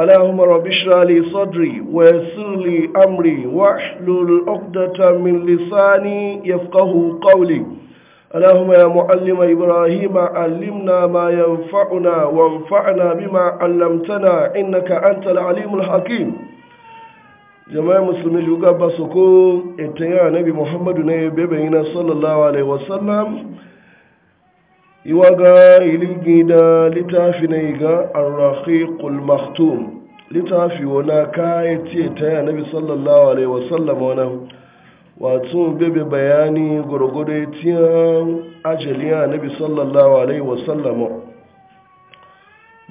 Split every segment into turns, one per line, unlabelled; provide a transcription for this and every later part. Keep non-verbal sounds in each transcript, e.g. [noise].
اللهم رب اشرح لي صدري ويسر لي امري واحلل عقدة من لساني يفقه قولي اللهم يا معلم ابراهيم علمنا ما ينفعنا وانفعنا بما علمتنا انك انت العليم الحكيم جماعه musulmi shugaba su اتيا ita محمد nabi muhammadu ne bebe yana sallallahu iwaga iligida litafi na iga arrahiqul maktum littafi wana kaya ce ta ya nabi sallallahu alaihi wasallam wana wato bebe bayani gwargwado ya ajali ya nabi sallallahu alaihi wasallam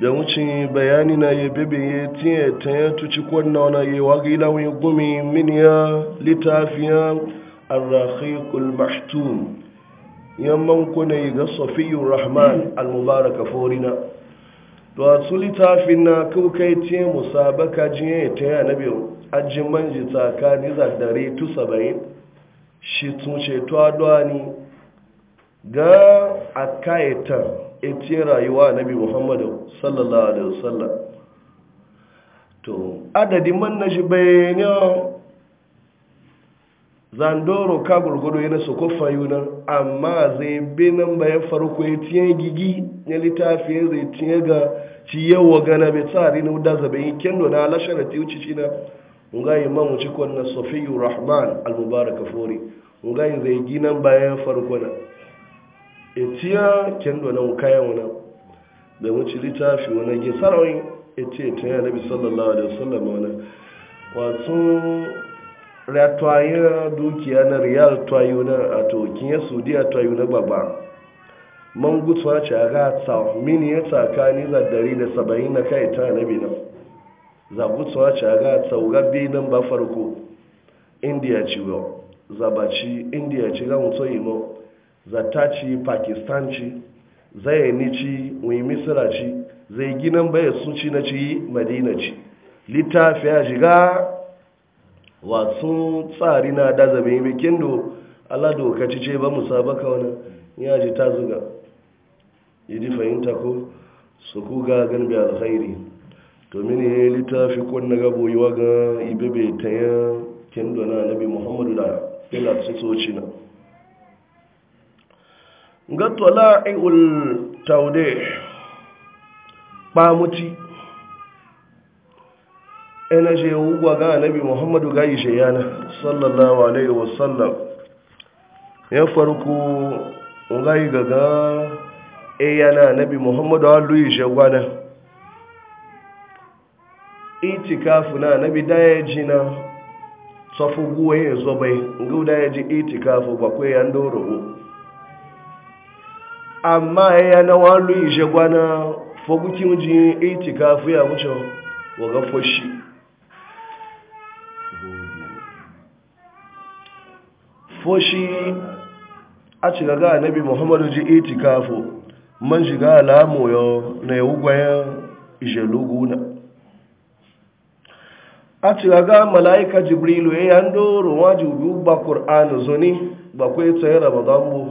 bewuci bayani na ya bebe ya tiyan ta ya tuci kwanna wana ya waga ilawin gumi miniya ya arrahiqul maktum yamman ku ne ga safiyu rahman al-mubaraka forina to a su littafin na kai ce musabaka jiye ta yana biyu ajin manji tsakani zardare tu saba'in shi tun ceto adwani ga a kayatar rayuwa nabi muhammadu sallallahu alaihi wasallam to adadin man na shi bayanin zandoro ka gurgudu yana su kofa yunan amma zai bi nan bayan farko ya tiye gigi ya littafi ya zai tiye ga wa gana bai tsari na wuda zabe yi kendo na alashar da ta yi cici na ngayi man wuce kwanna sofiyu rahman al almubaraka fori ngayi zai gi nan bayan farko na ya e tiye kendo na wukaya wuna da wuce littafi wani gi ya etiya ta yi nabi sallallahu alaihi wasallam wani wato ratwaye dukiya na riyal twayo na a tokin ya sudi a twayo na baba man gutsuwa ce a ga mini ya tsakani za dari da saba'in na kai ta na binan za gutsuwa ce a ga tsaugabbe nan ba farko indiya ciwo za ci indiya ci ga mutu imo za ta ci pakistan ci zai ni ci wani misira ci zai ginan bayan suci ci na ci madina ci littafi ya shiga wasu tsari na da zabe bikin kendo ala dokaci ce ba musabaka wani ya ji ta zuga yi ji fahimta ko su kuga ganbe alkhairi domin ya yi littafi kun na gabo yi waga ibe bai ta yi kendo na nabi muhammadu da ila su soci na ga tola'ul taude kpamuci ina je wugwa ga annabi muhammadu ga yi shayana sallallahu alaihi wasallam ya farko ga yi gaga e yana annabi muhammadu allu yi shagwana itikafu na nabi daya na tsofu guwa e ya zo bai guda ya ji itikafu ya yan doro amma e yana wallu yi shagwana fogukin ji itikafu ya wuce waga ga foshi a ci gaga annabi muhammadu ji itikafu man shiga alamu yo na yawu gwayan ijeluguna a ci gaga mala'ika jibrilu ya yi doro wajibi ba qur'an zoni ba kwai tsaye ramadan bu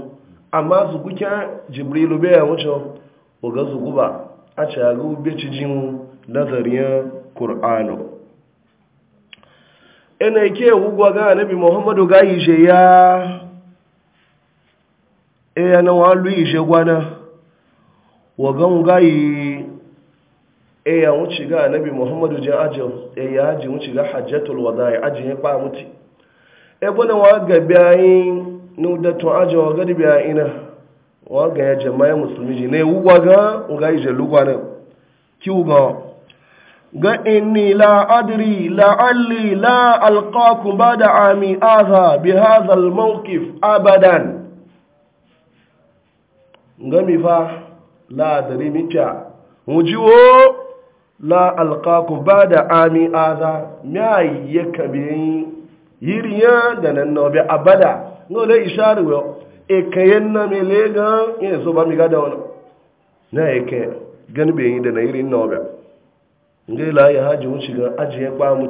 amma su kuke jibrilu bai wuce ko ga su guba a ci gaga ube ci jin nazarin qur'anu ena ike wugwa ga anabi muhammadu ga ije ya e yana walu ije gwana wagan gayi e ya wuce ga anabi muhammadu jin ajin e ya ji wuce ga hajjatul wada'i ajin ya kwa muti e bana wa ga bayi nudatun ajin wa gadi bayi ina wa ga ya jama'a musulmi ne wugwa ga ga ije lugwa ki wugwa ga inni la adri la'alli la alqakum bada ami aza bi hadha al-mawqif abadan ngami fa la adri mita mujiwo la alqakum bada ami aza mai yakabi yiriya da nan no bi abada no le isharu yo e kayen na me lega yin so ba mi ga da wono na e ke gani be yi da na yirin no ba ngai la ya haji wuce ga ajiye ba mu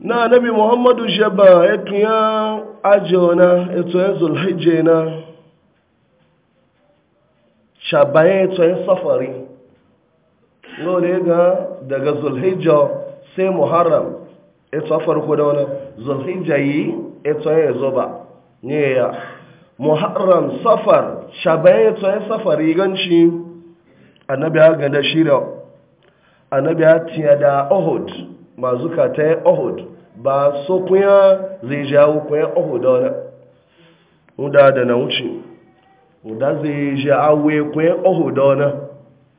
na nabi muhammadu sheba ya tuya ajiye na eto ya zulhijje na shabaye eto ya safari lole ga daga zulhijja sai muharram eto farko da wani zulhijja yi eto ya zo nye ya muharram safar shabaye eto ya safari ganci annabi ya gada shirya annabi ya tiya da ohud masu kata ya ohud ba so kunya zai jawo kunya ohud wani muda da na wuce muda zai jawo kuya ohud wani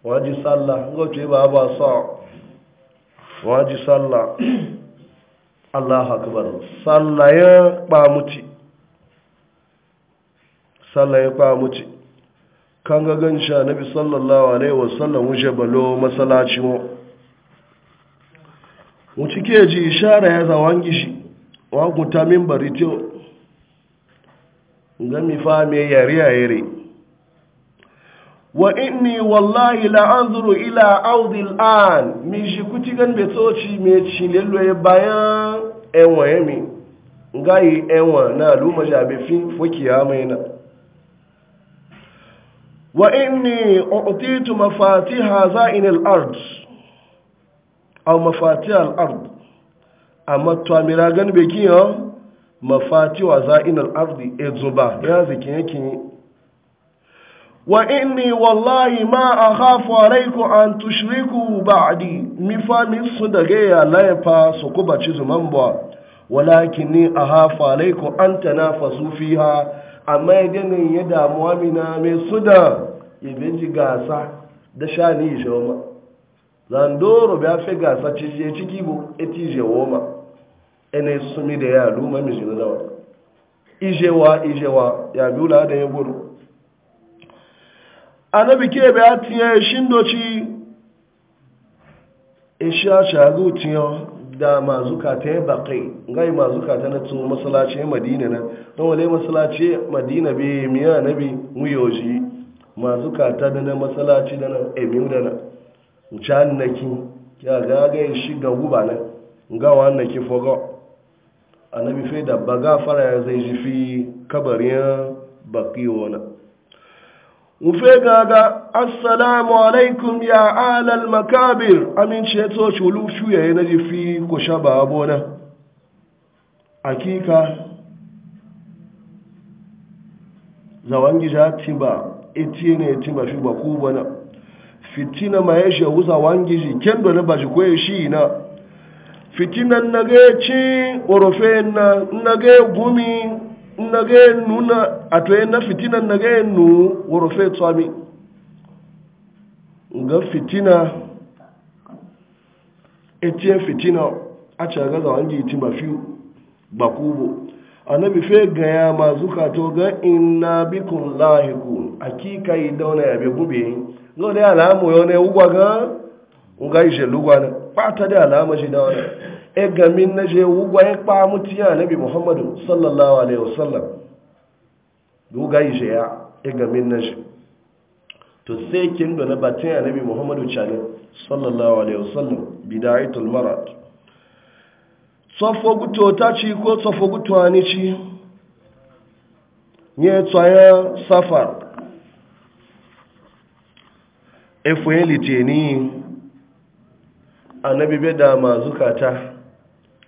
waji sallah gote ba ba sa waji tsalla [clears throat] Allah akbar sallah ya kpamuti sallah ya kpamuti kan ga gansha nabi sallallahu alaihi wasallam wuce balo masalaci mu mu cike ji ishara ya wangi gishi wa guta min barito ngami fa me yare yare wa inni wallahi la anzuru ila audi al'an mi shi kuti gan be toci me ci lello bayan enwa yemi ngai enwa na luma jabe fin fokiya mai na Waɗanne Otituma Fati haza inal ard? Ama fati hal ard Amma ta ma gani baƙi ha? Ma fati haza inal ardi e zuba Ya zi kine-kine. Waɗanne wallahi ma a haifar da kuɗan tushiriku ba cadi? Ni fanis sun daga yarena fa su kubace juman ba. Walakin ni a haifar da kuɗanta fiha. amma ya dana ya damuwa mina mai su da ibeji gasa da sha ni ishe woma zandoro bai fi gasa cije ciki bu eti ije woma ene sumi da ya luma mi shi da ijewa ijewa ya biyu la da ya guru anabi ke bai atiye shindoci isha shagu da mazuka ta yi bakai gai mazuka ta na tso masalace madina na don wale masalace madina be miya na bi muyoji mazuka ta da na masalace da na emiyu eh, da na wuce annaki ya gagaye shi ga guba na gawa annaki fogo annabi fai da baga fara ya zai jifi kabarin baki na. wufe gaga assalamu alaikum ya alal makabir amince to shulu ya na jifi ko shaba abona akika zawangi ja timba etiene timba shuba kubwa na fitina ya uza wangi ji kendo na baji kwe shi na fitina nage ci orofena nage gumi nage na a toye na fitina nage nu fe tsami ga fitina etiye fitina a caga za wangi iti e mafi bakubo annabi fe ya ma zuka to ga inna bikum lahikun akika yi dauna ya bebe gube ga alamu yau ne ugwa ga nga ishe lugwa na bata da alama shi da wani e gamin na je wugwaye kpa ya nabi muhammadu sallallahu alaihi wasallam dugayi shi ya e gamin na shi to sai kin da na batin nabi muhammadu chale sallallahu alaihi wasallam bidaitul marad sofo guto ta ci ko sofo guto ani ci nye tsaya safar efoyen litini annabi bai da ma zukata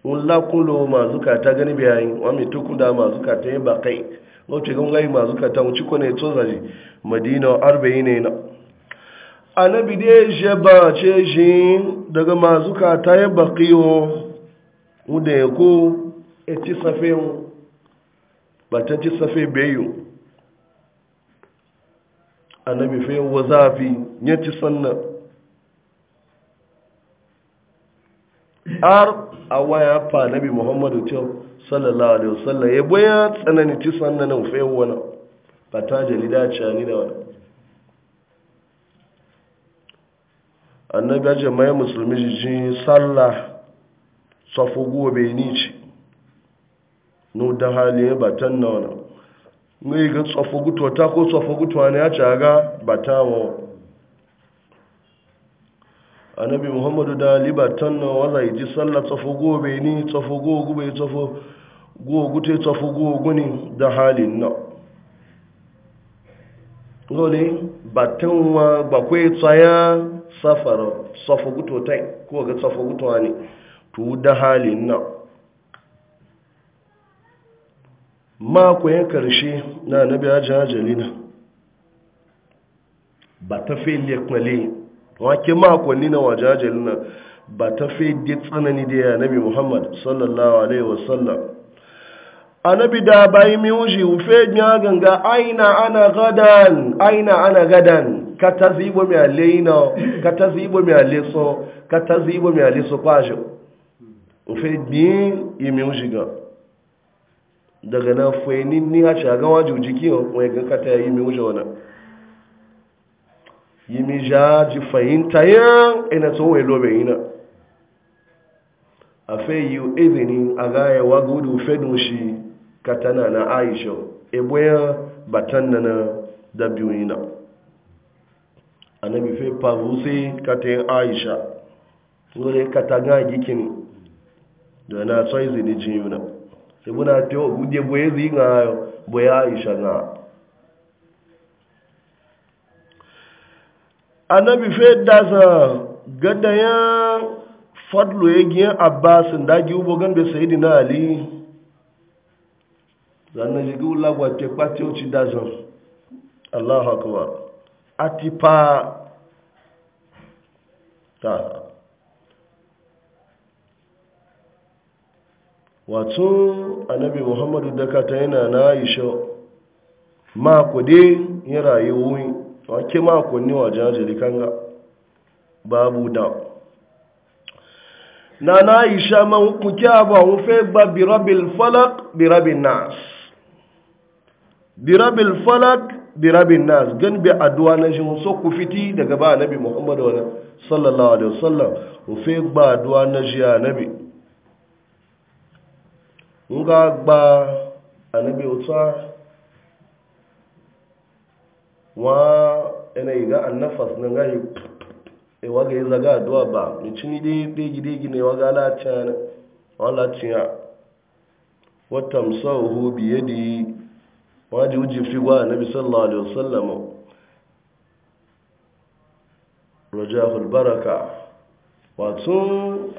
wula kulo ma zukata gani bayan wami tuku da ma zukata ya bakai wacce gan yi ma zukata wuce ko ne to zaji madina arba'in ne na annabi dai ce ba ce shi daga ma zukata ya bakiyo wanda ya ku e ci safe batan ci safe bayu annabi fi wazafi ya ci sannan har a waya fa nabi muhammadu cewa sallallahu alaihi wasallam ya baya tsanani ci sannanin fayin wani ba ta jalida ce ni da wani annabi ajiyar mai musulmi jijin sallah safu gobe ni ce no da hali ya batan na wani ne ga tsofagutuwa ta ko tsofagutuwa ne ya ce ga batawa annabi muhammadu da libatan na wala yi ji sallah tsofo gobe ni tsofo gogu bai tsofo gogu te tsofo gogu ne da halin na lole batin wa bakwai tsaya safara tsofo guto tai ko ga tsofo guto ne to da halin na makoyin karshe na annabi ajiyar jalina ba ta fi liyakwale wake makonni na wajajen nan ba ta fi di tsanani da ya nabi muhammad sallallahu alaihi wasallam annabi da bayi miwuji ufe ya ganga aina ana gadan aina ana gadan ka ta zibo mi alaina ka ta zibo mi aleso ka ta zibo yi miwuji ga daga na fwe ni ni ha a gawa jujiki wani ganka ta yi miwuji wani yi mi ja ji fahimta yan ina tso wai lobe na. a fe yi izini a gaya wa gudu fedun shi katana na aisha ebo ya batan na na da biyu yana anabi fe pavusi katayin aisha wani katanga gikin da na tsoyi zini jin na sai muna ta yi ogude boye zini a boye aisha na annabi fedda sa gada ya fadlo ya giyan abbasin da gi ubo gambe sayidi na ali zanna jigi ula gwa te pati o ci dazan allahu akbar atipa ta wato annabi muhammadu dakata yana na isho ma ku dai ya wake makonni wajen jirikan ga babu da na na isha man aba abu fe gba birabil falak rabin nas birabil falak rabin nas gan bi aduwa na shi so ku fiti daga ba nabi muhammadu wa sallallahu alaihi wasallam fe gba aduwa na shi ya nabi nga gba anabi utsa wa ina ga annafas nan e ga yi e waga yi zaga addu'a ba mi cini dai dai dai ne waga lata na wala tiya wa tamsahu bi yadi waji uji fi na annabi sallallahu alaihi wasallam rajahu albaraka wato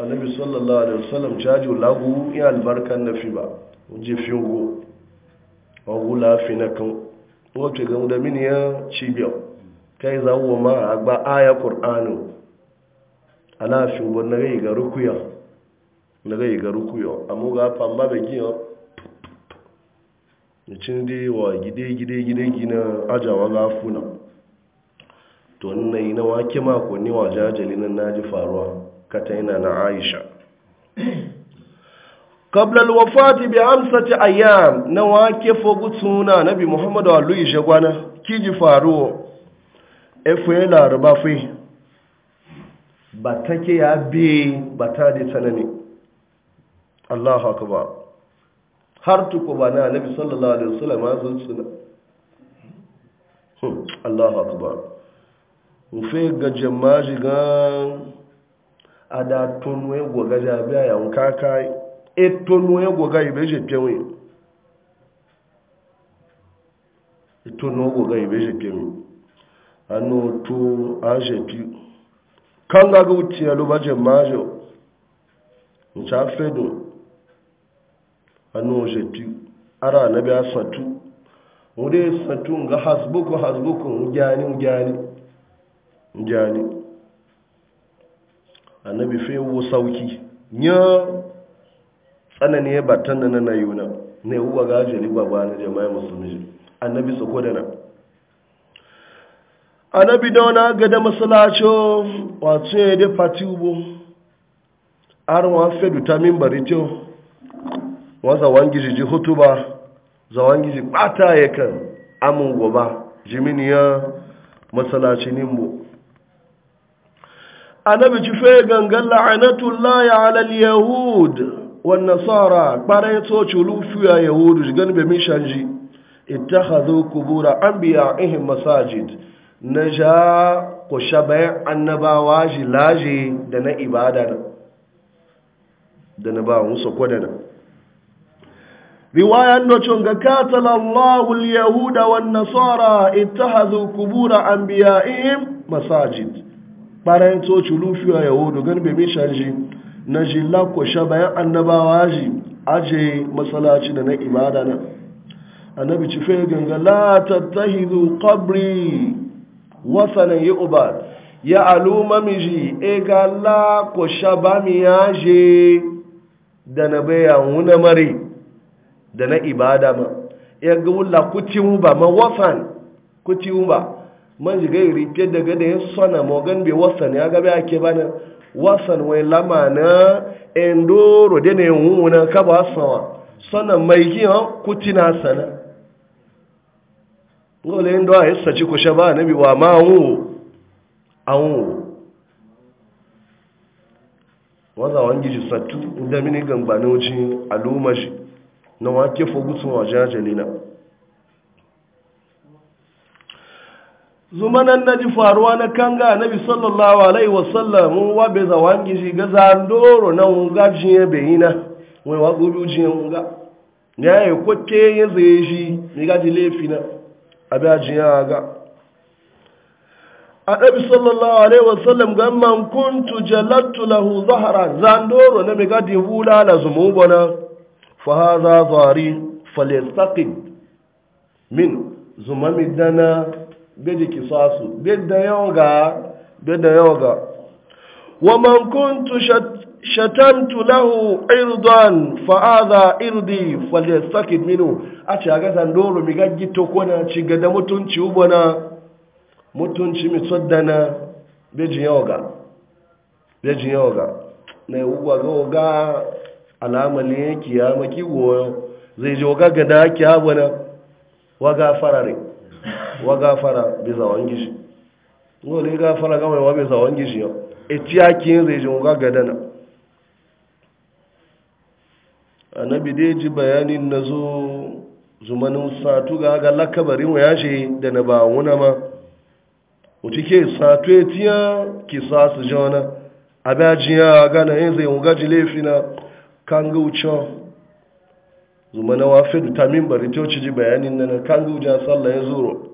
annabi sallallahu alaihi wasallam caji lagu ya albarkan nafi ba uji fi go wa lafi na kan wato ga da mini ya cibiyar ta yi zawo ma a gba aya ƙur'anu ala shugaban na rai ga rukuya na rai ga rukuya amma ga famba da gina Da cin dai wa gide gide gide gina ajawa ga funa to nuna yi na wake mako ne wa jajali na ji faruwa kata yana na aisha qabla alwafati bi amsati ayyam na wake fogutuna nabi muhammadu alayhi jagwana kiji faruwa efe laraba fe ba take ya be ba ta da tsanani allahu akbar har tuku ba na nabi sallallahu alaihi wasallam ya zo tsuna hmm, allahu akbar ufe ga jama'a ga ada tunwe gwa gaja biya yan kakai etonu ya goga ibe je pewe etonu ya goga ibe je pewe ano tu aje pi kanga ga uti ya lo baje majo ncha fedo ano je pi ara na bi asatu ore satu nga hasbuku hasbuku ngani ngani ngani annabi fe wo sauki nya tsanani ya batan da na yuna ne uwa ga jali baba na jama'a musulmi annabi su ko da na annabi da wani ga da masalacho wato ya da fati ubo ar wa fedu ta minbari to wa za wangi ji ba, za wangi ji bata ya kan amin goba jimini ya masalaci nimbo annabi ci fe gangan la'anatullahi ala al-yahud والنصارى قريتو تشولوفيا يهود جن بمشانجي اتخذوا قبور انبيائهم مساجد نجا قشبع النباوا جلاجي دنا عباده دنا با وسو كودنا رواية نوشنغ قاتل الله اليهود والنصارى اتخذوا قبور انبيائهم مساجد قريتو تشولوفيا يهود جن بمشانجي na ko lakwasha bayan annabawa ji aje masalaci da na ibada na annabi ci fai ganga la tattahidu qabri wasanan yi ubad ya aluma miji e ga lakwasha ba mi aje da na bayan wuna mare da na ibada ma ya ga wula mu ba ma wasan mu ba man jiga yi rike daga da ya sona mogan bai wasan ya gaba ake bana wasan wai lama na endoro da ne wuna ka ba sawa sannan mai kiyan kutina sana gole ndo a yasa ci kushe ba nabi wa ma wu an wu waza wan giji sattu inda mini gamba na wucin aluma shi na wake fogusun wajen ajalina zumanan na ji faruwa na kanga nabi sallallahu alaihi wasallam wa be za wangi ji ga zandoro na unga jiye be ina wai wa gudu jiye unga ne ya kwace ya zai shi ni ga ji lefi na abi ajiya ga annabi sallallahu alaihi wasallam ga man kuntu jalattu lahu zahra zandoro na me ga di hula la zumu bona fa hadha zari falyastaqid min zumamidana dana beji kisasu bedda yoga bedda yoga wa man kuntu shatamtu lahu irdan fa adha irdi falyastakid minhu ace aga zandoro mi gaggi to kona ci gada mutunci ubona mutunci mi tsaddana beji yoga beji yoga ne uwa ga oga alamali kiyama ki goyo zai je oga gada kiyama na waga farare wa gafara bi zawon gishi ngole gafara ga mai wa bi zawon gishi yo etiya kin zai jin ga na annabi dai ji bayanin nazo zumanin satu ga aga lakabarin wa yashi da na ba wuna ma wuce ke satu ya ki sasu jona abajiya ya gana yin zai ga jilefina kan ga ucho zuma na wafe da tamin bari ta wuce ji bayanin na kan guja sallah ya zuro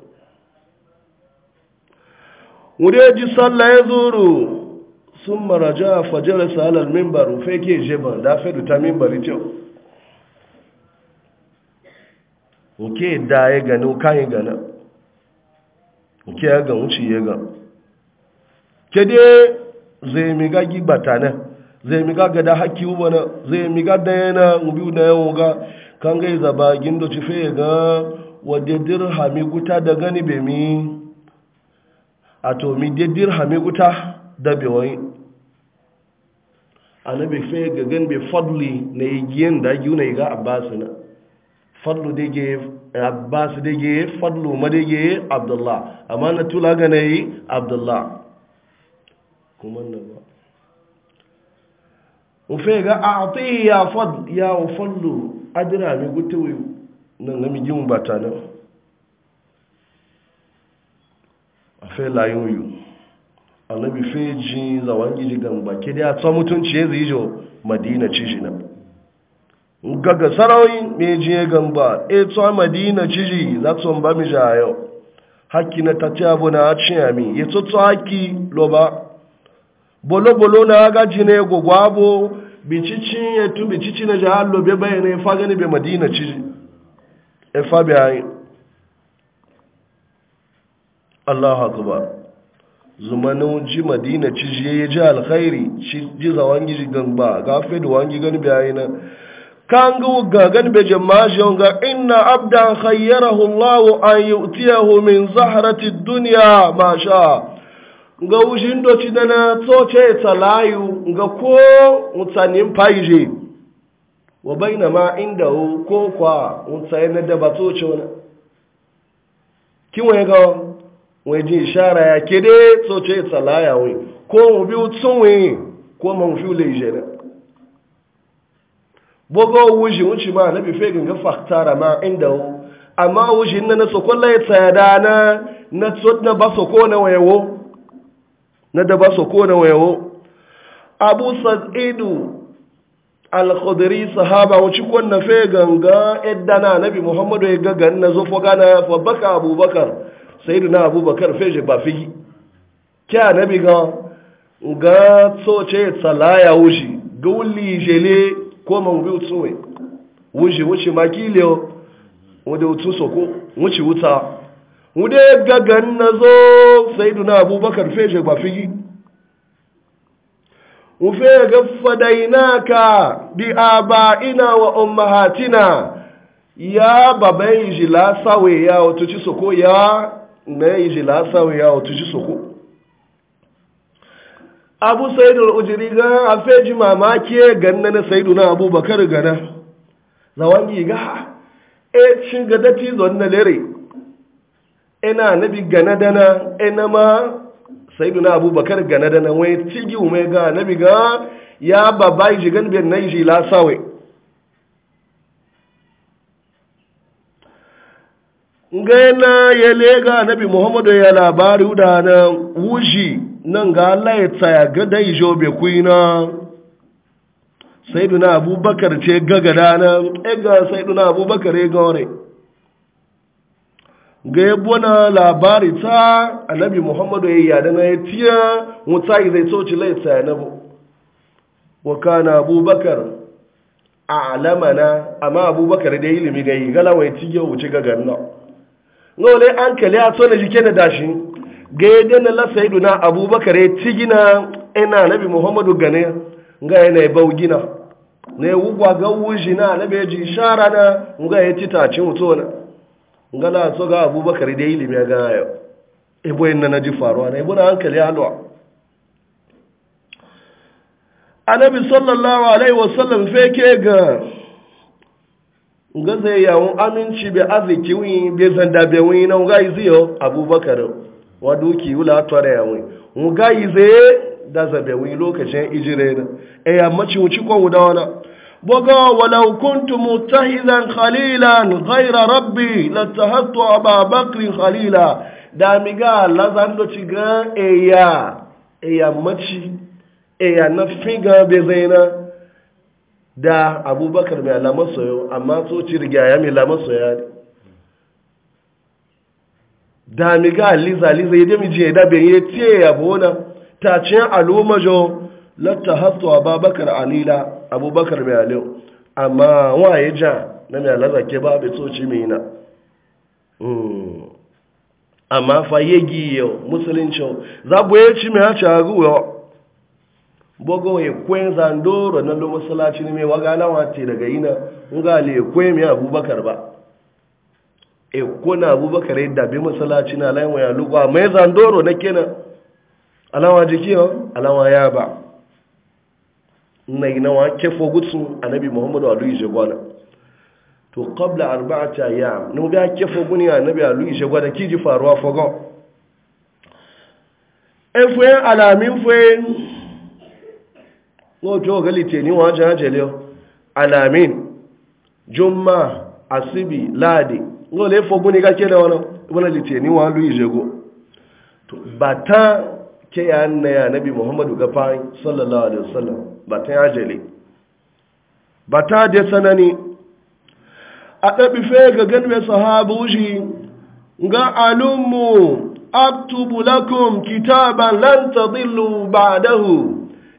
wuri ji sallah ya zuru sun maraja fajar salar mimbar rufe ke jeba da fedu ta mimbar ita oke da ya gani kan yi gana oke ya ga wuce ya ga ke dai zai miga gibata na zai miga gada haki uba na zai miga daya na ubi na yawon ga kan gai zaba gindo ci fe ga wadda dirhami guta da gani bemi a to mi de dirhami guta da bi wai anabi fe ga gan bi fadli na yiyen da yuna ga abbas na fadlu de ge abbas de ge fadlu ma de ge abdullah amma na tula ga ne abdullah kuma na ba u fe ga a'ti ya fadl ya fadlu adra mi gutu nan na mi jin batana fe layoyu annabi fe ji zawangi ji gamba ke da tsa mutunci ya zai jo madina ci shi nan gaga sarauyi me ji ya gamba e tsa madina ci ji za tsa ba mi ja yau haki na ta abu na ci ami ya e, tsa tsa haki lo ba bolo na ga ji ne gogwabo bicici ya tu bicici na ja hallo be bayane fa gani be madina ci ji e fa bi Allah akbar zumanin ji madina ci ya ji alkhairi ci ji wangi gizi gan ba gafe da wangi gan biyayi na kan ga ga gan be jama'a ga inna abdan khayyarahu Allah an yu'tiyahu min zahrati dunya ma sha ga wujin do ci dana tsoce talayu ga ko mutanin faije wa bainama indahu ko kwa mutayin da ba wani kin waye ga wai ji ishara ya ke dai tsoce tsalaya wai ko mu biyu tsunwe ko mu fi leje ne bogo wuji wuci ma na bi bife ganga faktara ma inda wu amma wuji na na sokolla ya tsada na na tsodna ba soko na wayewo na da ba ko na wayewo abu sa'idu al-khudri sahaba wuci ko na fe ganga edda na nabi muhammadu ya e ga, gaga na zofo gana fa baka abubakar sayyiduna abubakar feje ba figi kya nabi ga ga tsoce tsalaya wushi gulli jele ko man bi utsuwe wushi wushi makilio wanda utsu soko wuci wuta wude gagan nazo sayyiduna abubakar feje ba figi ufe ga fadainaka bi abaina wa ummahatina ya baban jila sawe ya wato ci soko ya na yi ji lasawa ya wata ji soko abu saidul ujiri ga a feji mamaki ganna na saidu na abubakar gana zawangi ga e cin ga dati zon na lere ina nabi gana dana ina ma saidu na abubakar gana dana wai cigi ume ga nabi ga ya babai jigan biyan na yi ji lasawa gaina ya lega nabi muhammadu ya labari da na wushi nan ga Allah ya tsaya ga dai jobe kuina sayyiduna abubakar ce gagada na ega sayyiduna abubakar ya gore ga ya bona labari ta annabi muhammadu ya yada na ya tiya mutsa zai soci lai tsaya na bu wa kana abubakar a alamana amma abubakar da ilimi ga yi galawa ya wuce ga nan nole an kale a so na jike na dashi ga yadda na lasa idu na abubakar ya ci gina ina nabi muhammadu gane ga yana ya bau gina na ya wugwa ga wuji na nabi ya ji shara na ga ya ci taci mutu na ga la so ga abubakar da ilimi ya gaya yau ibo yin na ji faruwa na ibo na an kale halwa annabi sallallahu alaihi wasallam fake ga nga zai yawon aminci bai arziki wi bai zanda bai wi na nga izi yo abubakar wa duki wula tore ya wi nga ize da zabe wi lokacin ijire na e ya maci wuci ko wuda wana boga walau kuntu mutahidan khalila ghaira rabbi latahattu ababakr khalila da miga lazando ciga e ya e ya maci e ya na figa bai zaina da abubakar mai alamar soyo amma tsoci rigaya mai alamar soya ne da mi ga liza liza ya dami ya da ben ya tiye ya bona ta ce alomajo jo latta hafto abubakar alila abubakar mai aliyu amma waye ja na mai alaza ke ba bai tsoci mai na hmm. amma fa yau musulunci za bu ya ci mai haci a guwa bogo ya kwen zandoro na lo masallaci ne mai wagana wace daga yina nga le kwen mi abubakar ba e kona abubakar yadda e bi masallaci na lai waya lugwa mai zandoro na kenan alawa jiki ha alawa ya ba na yi nawa kefo gutsu annabi muhammadu alu ije gwana to qabla arba'ati ayyam no ba kefo guni annabi alu ije gwana kiji faruwa fogo e fuen alamin fuen lọ́jọ́ ọ̀gẹ́lìtì ní wọ́n alamin jọmọ́ asibi láàdì wọ́n lè fọ́gbọ́n ní kákẹ́lẹ́ da ìwọ́nlẹ̀lìtì ní lú ìṣẹ́gọ́ bàtà kẹyà nẹ́yà nabi muhammadu gafari sallallahu alaihi wasallam bàtà àjẹ́lẹ́ sanani a ɗabi fẹ́ gagan sahabu shi ga alummu aktubu kitaban lan ba'dahu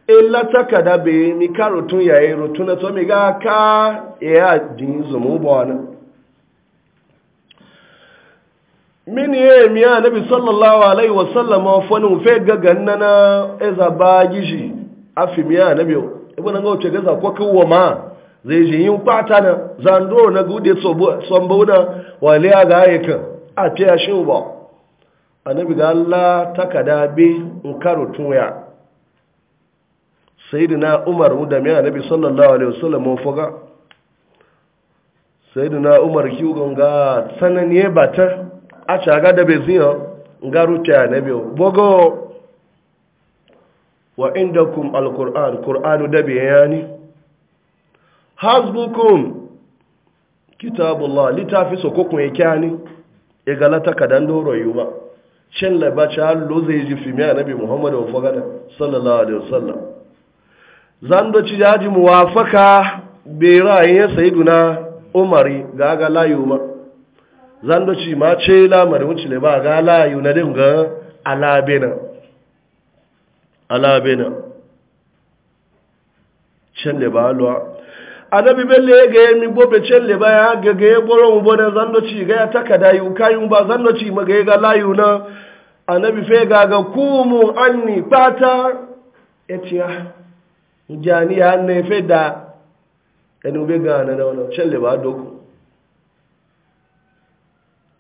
illa takada be mi ka rotun yayi e rotuna to mi ga ka ya e din zumu bona min ye mi ya e nabi sallallahu alaihi wasallam fa nu fe ga gannana eza ba gishi afi mi ya nabi ibn ga oce gaza ko kawo ma zai ji yin pata na zando na gude sombo na wale ga kan, a ce ya shi ba nabi ga Allah takada bi in ka ya sayyidina umar mu da miya nabi sallallahu alaihi wasallam mun foga sayyidina umar ki kiwon ga tsananiye bata a caga da beziyan ga ruta nabi bogo wa indakum alquran qur'anu da bayani hasbukum kitabullah litafi sokokun e yakani e galata kadan doro yuba shin labacha lo zai ji fimiya nabi muhammadu wa Fagada sallallahu alaihi wasallam zan da ci jaji muwafaka bera ya sai duna umari ga ga layu ma zan da ci ma ce lamarin wuce ne ba ga layu na din ga alabena alabena can da ba luwa anabi belle ga ya mi bobe can da ba ya ga ga ya boro mu zan da ci ga ya takada yu kayun ba zan da ci ma ga ga layu na anabi fe ga ga kumu anni fata etiya jani ya na fe da ẹni obe gan na na ọ̀nà ṣẹlẹ̀ bá allah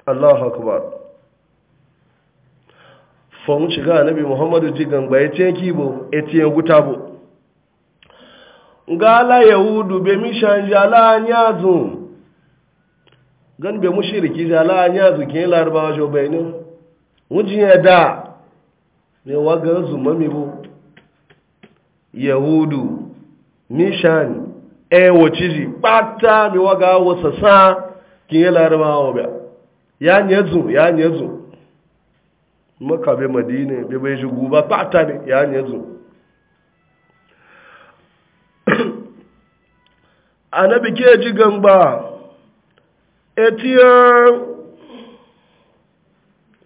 allahu akbar fọ́n shiga anabi muhammadu ji gangba ya tiyan kibo ya tiyan guta bo gala yahudu be mishan jala anya gan be mushiriki jala anya zun ke larabawa jo bayanin wujin ya da ne wa gan zuma mi bo yahudu mishan ewo ciji kpata mi waga ihe sa kinye larabawa ba ya nyezu ya nyezu maka be madina bebe bai kpata ya nyezu [clears throat] anabi ke ji gamba etiyar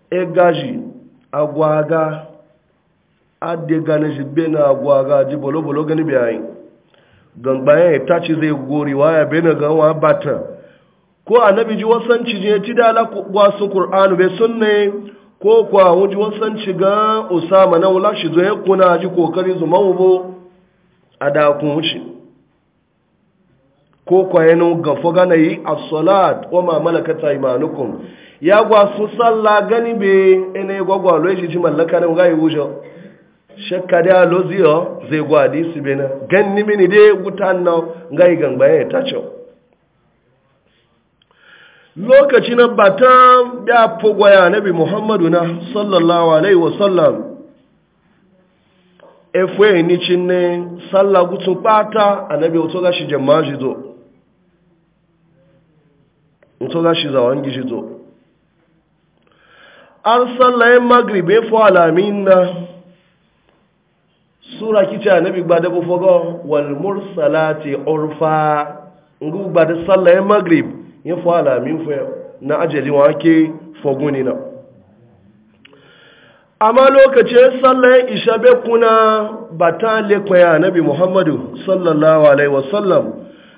egaji agwaga adde gane shi be na agwa ga ji bolo bolo gani be ayi gan bayan ta ci zai gori waya be na gan wa bata ko annabi ji wasanci je ti da la kwa su qur'anu be sunne ko kwa wuji wasanci ga usama na wala shi zo kuna ji kokari zu mawubo ada kun wuce ko kwa yana gafo gana yi a salat wa ma malakata imanukun ya gwa su sallah gani be ene gwagwa lo shi ji mallaka na ga yi wujo shakka da loziyo zai gwadi su bena ganni mini dai gutan nan ngai gangba ya ta cewa lokaci na batan ya fogwaya nabi muhammadu na sallallahu alaihi wasallam efwe ni cinne salla gutun pata anabi oto gashi jama'a zo oto gashi zawan zo. an sallah e magribe efo alamin na sura kicha nabi gbada bu fogo wal mursalati urfa ngu gbada sallah ya maghrib ya fala min fa na ajali wa ke foguni na amma lokacin sallah isha be kuna bata le ya nabi muhammadu sallallahu alaihi wasallam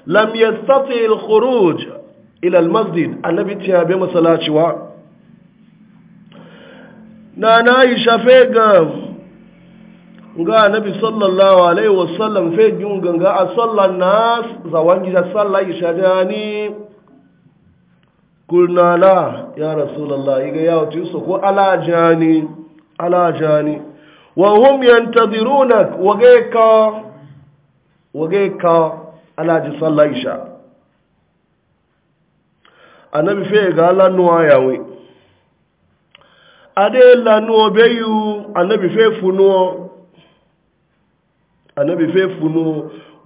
lam yastati al khuruj ila al masjid annabi tiya be masallaci wa na na isha fe ga ga nabi sallallahu alaihi wasallam fe yin ganga a sallan nas zawan gida sallah isha jani kulna la ya rasulullah iga ya wuce su ko ala jani ala jani wa hum ka, wageka ka ala ji sallah isha annabi fe ga lanuwa yawe ade lanuwa bayu annabi fe funuwa anabi fẹ́ funu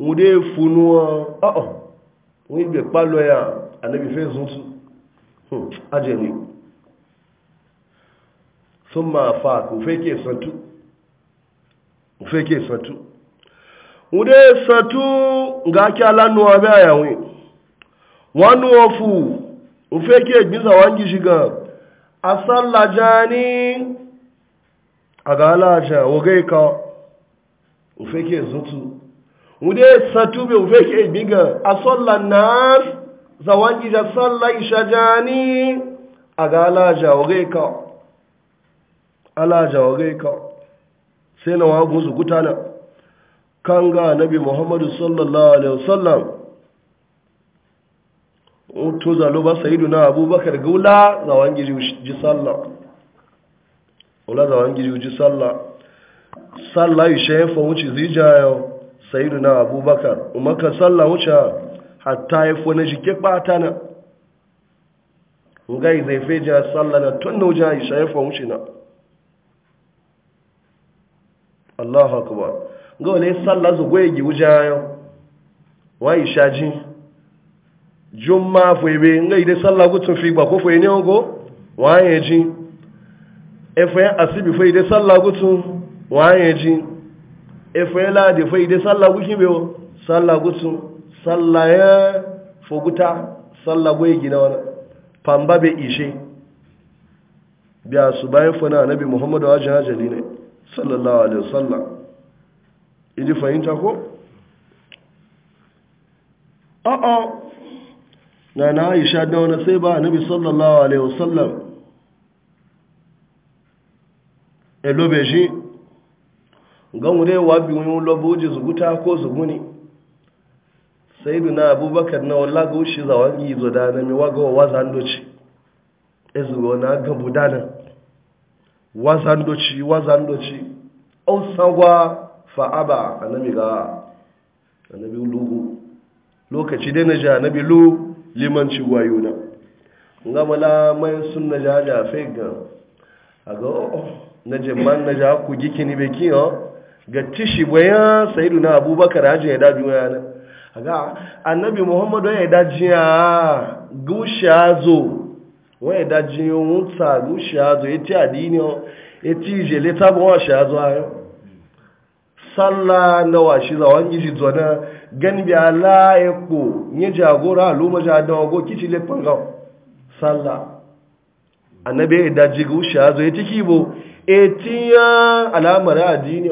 wọn dé funu ọ̀ọ̀ wọn ibẹ̀ pálọ̀ ya anabi fẹ́ zuntu ajẹ́ni sun ma fa kò fẹ́ kí santu kò fẹ́ kí santu wọn dé santu ga kí alánu abẹ́ àyàwó wọn nú ọfù wọn fẹ́ kí ẹgbìnsà wọn gíṣi gan asálàjá ní àgàlàjà wọ́gẹ́ ufeke zutu mude satube ufeke biga asolla nas zawangi ja salla ishajani aga alaja ogeka alaja ka sai na wagu su gutana kanga nabi muhammadu sallallahu alaihi wasallam to lo ba sayidu na abubakar gula zawangi ji salla ula zawangi ji salla sallah ishe ya wuce zijayo sayidu na abubakar umarka sallah wuce hatta ya fi na jike ɓata na ngai zai fi jiya sallah na tun da wuce ishe ya wuce na allahu akbar ga wale sallah su goye gi wuce yau wa isha ji jumma fwebe ngai dai sallah gutun fi ba ko fwe ne ogo wa ya ji efe asibi fwe dai sallah tun. waye ji efe ladi fa ide sallah gushi bewo sallah gutsu sallah ya foguta sallah goyi gina wani pamba be ishe biya su bayan fana annabi muhammadu wa jihajali ne sallallahu alaihi wasallam idi fahimta ko a'a na na aisha da wani sai ba annabi sallallahu alaihi wasallam elobe shi ganwure wa biyun labo ji zuguta ko zuguni sai na abubakar na wala ga wuce za wangi zo da na mi waga wa zandoci ezuwa na ga budana wa zandoci wa zandoci au sawa fa aba annabi ga annabi lugu lokaci dai na ja annabi lu limanci wayuna ngamala mai sunna jaja fe ga aga oh, na je man na ja ku gikini be kiyo oh. ga tishi baya sayidu na abubakar hajji ya dabi wayana annabi muhammadu ya daji ya gushi azo wọ́n ẹ̀dá jí ya ti ṣàzọ etí àdínì etí ìṣẹ̀lẹ̀ tábọ̀ wọ́n ṣàzọ ayọ́ sálà náwà ṣíza wọ́n yìí jìzọ náà gẹ́nibí aláẹ̀pọ̀ yẹ́ jẹ́ àgórà ló annabi ẹ̀dá jí gúúṣàzọ etí kíbo adini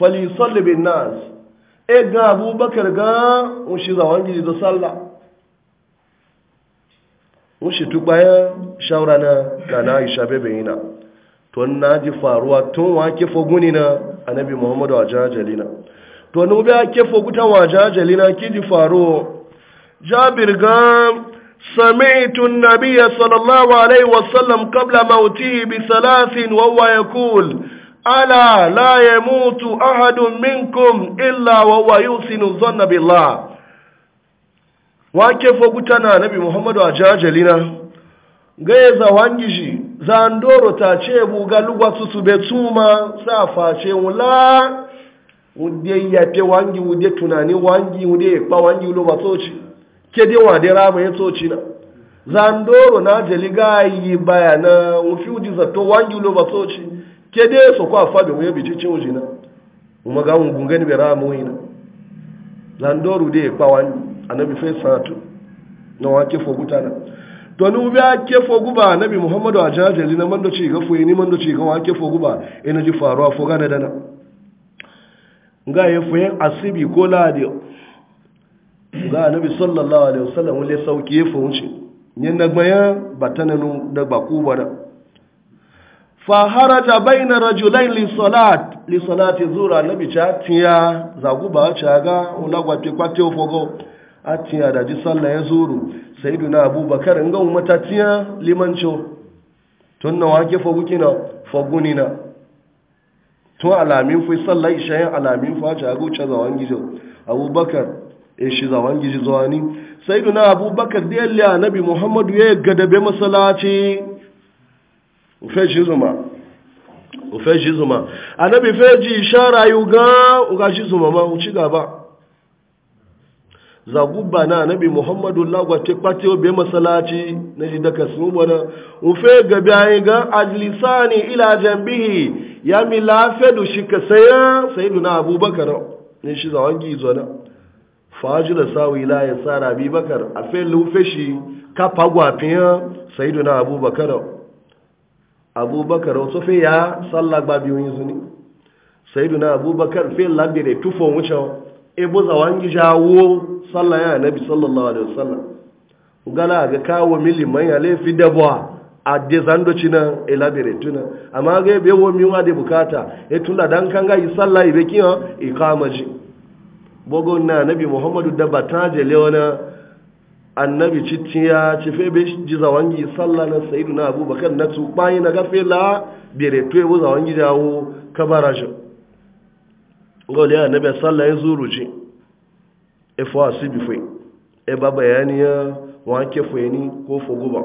falisalli bin nas e ga abubakar ga mushi zawon gidi da sallah mushi tu bayan shawara na gana aisha bebe na. tun na ji faruwa tun wa kefa guni na annabi muhammadu a jajalina to ni ubi a kefa guta wa jajalina ki ji faruwa jabir ga سمعت النبي صلى الله عليه وسلم قبل موته بثلاث وهو يقول ألا لا يموت أحد منكم إلا وهو يحسن الظن بالله wake na nabi muhammadu a jajalina gaiza Za ndoro ta ce buga lugwa su su betuma sa face wula wude yafe wangi wude tunani wangi wude ba wangi wulo ba soci ke dai wa dai rama ya soci na zandoro na jali gayi bayana wufi wuji zato wangi wulo ba soci ke dai so kwa fa be mu yabi cece ujina mu maga mu gungani be ramu ina landoru dai pa wan anabi fe satu na wake fo gutana to ni ubi ake fo guba annabi muhammadu ajaje lina mando ci ga fo ni mando ci ga wake fo guba ina ji faruwa fo gana dana nga ya fo yin asibi ko ladi ga anabi sallallahu alaihi wasallam wale sauki ya fo wuce nyen nagmaya batana nu dagba kubara faharaja bayna rajulain li salat li ya zura nabi cha tiya zaguba cha ga ulagwa te kwate ofogo atiya da ji sallah ya zuru sayyiduna abubakar nga umata tiya limancho tunna wake fogukina fogunina to alamin fi sallah ishayin alamin fa cha ga ucha zawan gizo. abubakar ya eh, shi zawan gijo zawani sayyiduna abubakar da a annabi muhammadu ya gadabe masallaci ma, zuma ufeji zuma anabi feji ishara yuga ugaji zuma ma uci gaba zaguba na anabi muhammadu lagwa te kwate obe masalaci na ji daga sun bana ufe gabi ayi ga ajlisani ila jambihi ya mi lafedu shi ka saya na abubakar ne shi zawangi zona fajila sawi la ya tsara abubakar a fe lufe shi kafa gwafiya na abubakar abubakar wasu fi ya sallah ba biyu yin zuni sai duna abubakar fi labi da tufo wuce ibu zawon wo sallah ya nabi sallallahu alaihi wasallam gana ga kawo mili manya laifi dabuwa a de na elabere tuna amma ga yabe wo miwa da bukata e tula dan kan yi ibe kiyo ikamaji bogo na nabi muhammadu ta bataje leona annabi cicciya ci fe be ji zawangi sallah na sayyidu na abubakar na tu bayi na gafe la bere to yabo zawangi jawo kabara shi gole ya nabi sallah ya zuru ji e fo asibi fe e ba bayani ya wanke fo ni ko fo guba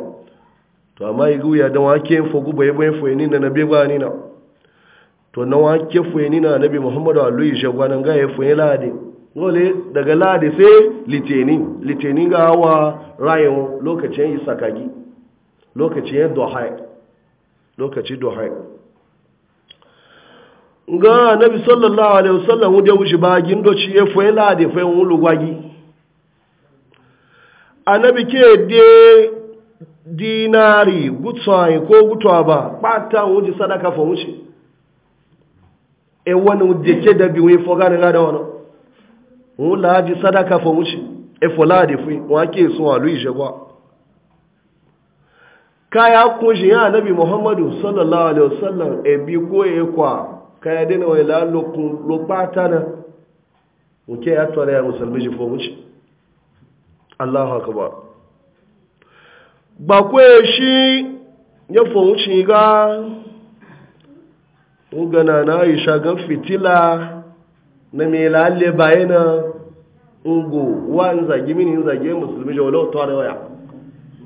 to amma yi guya da wanke fo guba yabo fo ni na nabi gwa ni na to na wanke fo ni na nabi muhammadu alaihi shagwanan ga ya fo ni ladi dole daga ladi sai litini litini ga wa rayuwa lokacin yi sakagi lokacin ya dohai lokaci dohai ga nabi sallallahu alaihi wasallam wuce wuce ba gindoci ya e fai ladi fai wulu gwagi annabi ke de dinari gutsuwa ko gutsuwa ba ɓata wuce sadaka fa wuce e wani wuce ke da biyu ya foga da wani o laaji sadaka fo wuce e fo laadi fi wa ke so wa lui je gwa kaya kun shi ya nabi muhammadu sallallahu alaihi wasallam e bi ko e kwa kaya dena wa la lo lo pata na o ke ya ya musulmi je fo wuce allahu akbar ba ko shi ya fo wuce ga ngana na aisha gan fitila na mai lalle baye na ungo wa in zage mini in zage musulmi da wala to ya.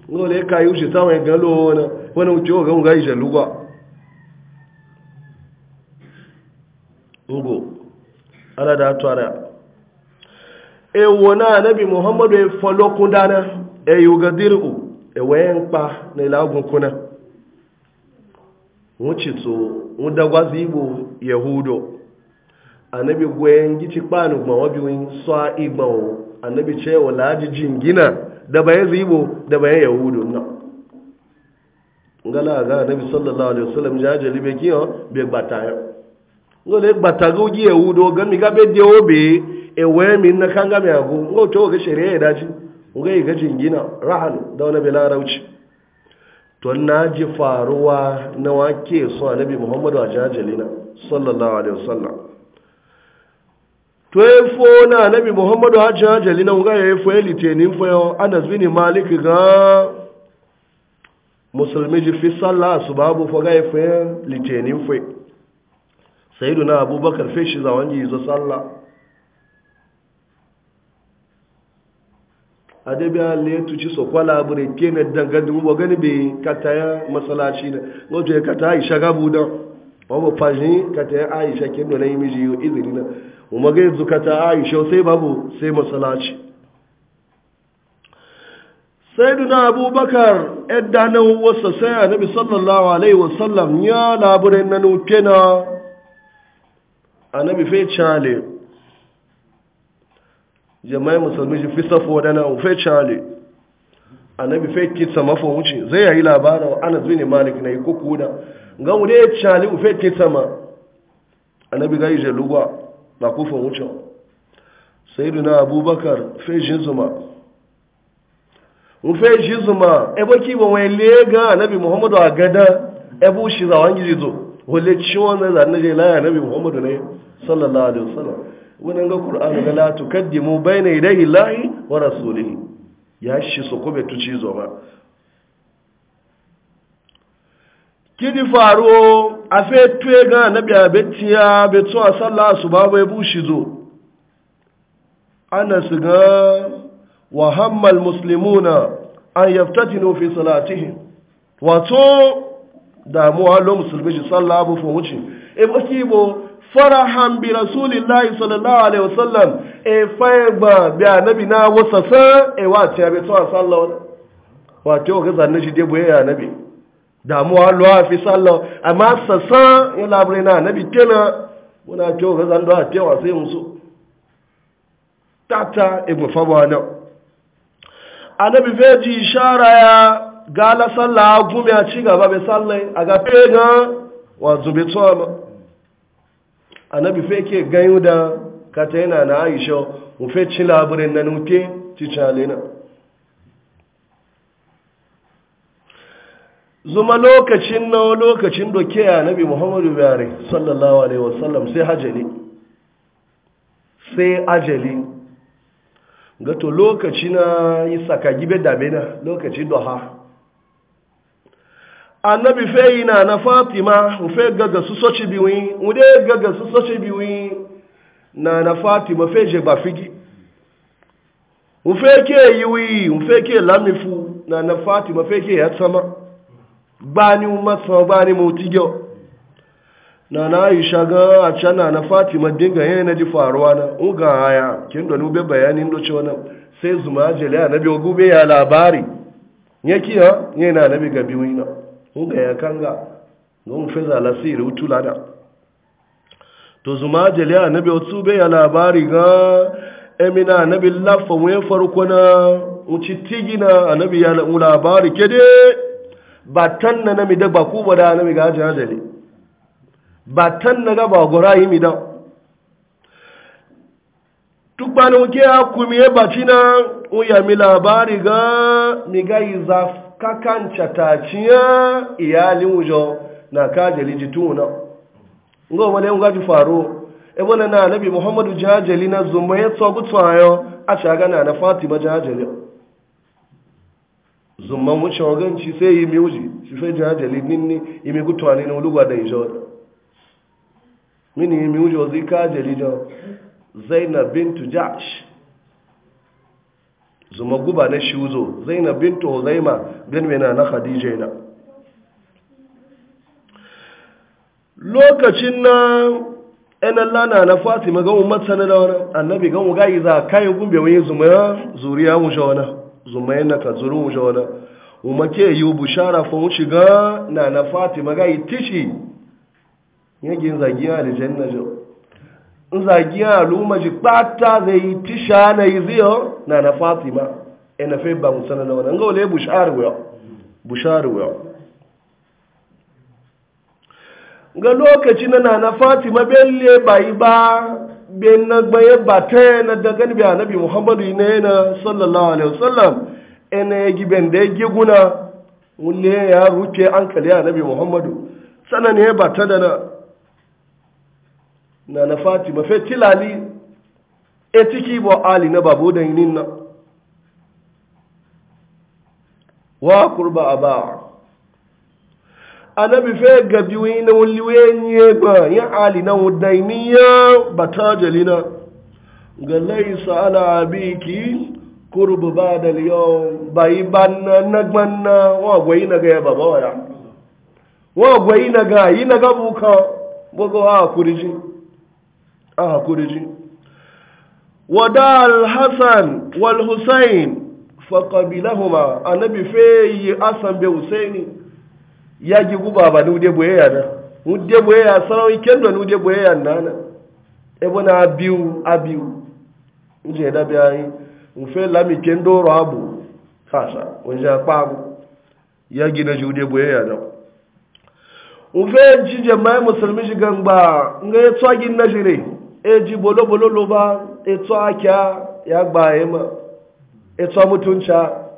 ngo le ka yushi ta ya galo na wani uce ga unga yi luga ungo ala da to ara e wona nabi muhammadu e folo kundana e yugadiru e wayan pa na ilagun e kuna wuce to wudagwazi igbo yahudo annabi goyen gici kpanu ma wabi wani sa igbawo annabi cewa laji jingina da bayan zibo da bayan yahudu na gala ga annabi sallallahu alaihi wasallam jajali be kiyo be gbata ngole gbata go gi yahudu ga mi ga be de obe e we mi na kanga mi ago ngo to ga shari'a da ji ngo ga jingina rahan da wala bela rauci to na ji faruwa na wake so annabi muhammadu a jajali na sallallahu alaihi wasallam twefu na annabi muhammadu hajji hajjali na nga ya fo ya litenin fo anas bin malik ga musulmi ji fi sallah su babu fo ga ya fo ya litenin fo sayidu na abubakar fe shi zawon yi zo sallah adébíyà lè tuci sokwala abúrè kéne dangadin wọ́n gani be kataya masalaci na lọ́jọ́ ya kataya ìṣagabu don wọ́n bọ̀ kataya aisha kéne na yi miji izini na kuma ga zukata aisha sai babu sai masalaci sai duna abubakar yadda nan wasa sai annabi sallallahu alaihi wasallam ya laburin na nukena annabi fai cale jama'i musulmi shi fi safo da nan fai a annabi fai sama mafa wuce zai yayi labarin ana zuwa ne malik na yi kuku da ga wuri ya cale fai kitsa a annabi ga yi jelugwa na kufin wucin na abubakar feji zuma e zuma ebe kiba wai lega nabi muhammadu a gada ebe shi za gizi gizo wale ciwon na zane je laya nabi muhammadu ne sallallahu alaihi wasallam wani ga kur'an ga la tukaddimu bayna yadayi lahi wa rasulihi ya shi su kube tuci zo ba kidi faro a fe tuye ga na biya betiya betu a sallah su babu bai bushi zo ana su ga wa muslimuna an yaftatinu fi salatihim wato damuwa lo musulmi shi sallah abu fa wuce e baki bo farahan bi rasulillahi sallallahu alaihi wasallam e faiba bi annabi na wasa sa e wa ta bi to sallah wato ga zanne shi dai boye annabi damuwa luwa fi sallah amma sassan ya labarai na nabi kena muna kyau ga a cewa sai musu tata ibn fabawa na annabi feji ishara ya gala a gumi a ci gaba bai sallai a ga fega wa zube tsoma fe ke ganyu da katina na aisho mu fe ci labarai na nuke ci na. zuma lokacin na lokacin doke ya nabi muhammadu biyare sallallahu alaihi wasallam sai hajjali sai ajali gato lokaci na yi sakagibe damina lokaci doha annabi feyi na na fatima fe gaga su soci biwi wude gaga su soci biwi na na fatima je ba figi wufe ke yiwi wufe ke lamifu na na fatima fe ke ya sama bani masu bani mauti gyau na na aisha ga a can na na fatima dinga yana na ji faruwa na uga haya kin da nube bayanin da ce wani sai zuma jele a nabi gube ya labari ya kiya yana nabi ga biyu na uga ya kanga don fiza lasiri utula da to zuma jele a nabi otu be ya labari ga emina nabi lafa wani farko na uci tigina a nabi ya labari kede. ba tan na na mi ba ku ba da na mi ga ajin ajali ba tan na ga ba gora yi mi duk ba na ke ya kumi ya baci na uya mi labari ga mi ga yi za kakan cataciya iyalin wujo na ka ajali jitu na ngo wale nga ji faro e bona na nabi muhammadu jajali na zuma ya tsogutsu ayo a shaga na na fatima jajali zumman wuce wagan ci sai yi miuji su fai jina jali ninni yi mi gutuwa ne na wulugwa da ijo mini yi miuji wa zika jali jo zainab bintu jash zuma guba na shi wuzo zainab bintu huzaima ganwe na na khadija na lokacin na ɗan lana na fatima ga mu da wani annabi ganin mu ga yi za kayan gumbe wani zuma zuriya mu sha wani zuma na ka zuru mu shawana bushara fa mu shiga na na fatima ga itishi yage zagiya aljanna jo zagiya aluma ji pata zai itisha na izio na na fatima ena fe ba mu nga na wannan ga ole wa bushara wa ga lokaci na na fatima belle bai ba bin na gbaye ba ta na da ganibi annabi muhammadu ne yana sallallahu alaihi wasallam ina ya giben da ya giguna wule ya rufe an kali annabi muhammadu sanan ya ba ta da na na na fatima fe tilali e ciki bo ali na babu da yinin na wa kurba a ba anabi fe gabi wi na wuli wenye ba ya ali na wudaimiya bata jalina ga laisa ala abiki kurbu ba da liyon bayi banna na gbanna wa gwai na ga baba waya wa gwai na ga yi na ga buka buga wa kuriji a kuriji Wa al-hasan wal-husayn faqabilahuma anabi fe yi asan be husaini yagi guba ba n'ude de boyaya na nu de boyaya sarawi kendo n'ude de boyaya na na ebo na abiu abiu nje da bi ayi nfe lami kendo ro abu kasa onja pa abu yagi na ju de boyaya na nfe jije mai musulmi shi gangba nga ya tsagi na jire e ji bolo bolo ba e ya gba ma e tsa mutunca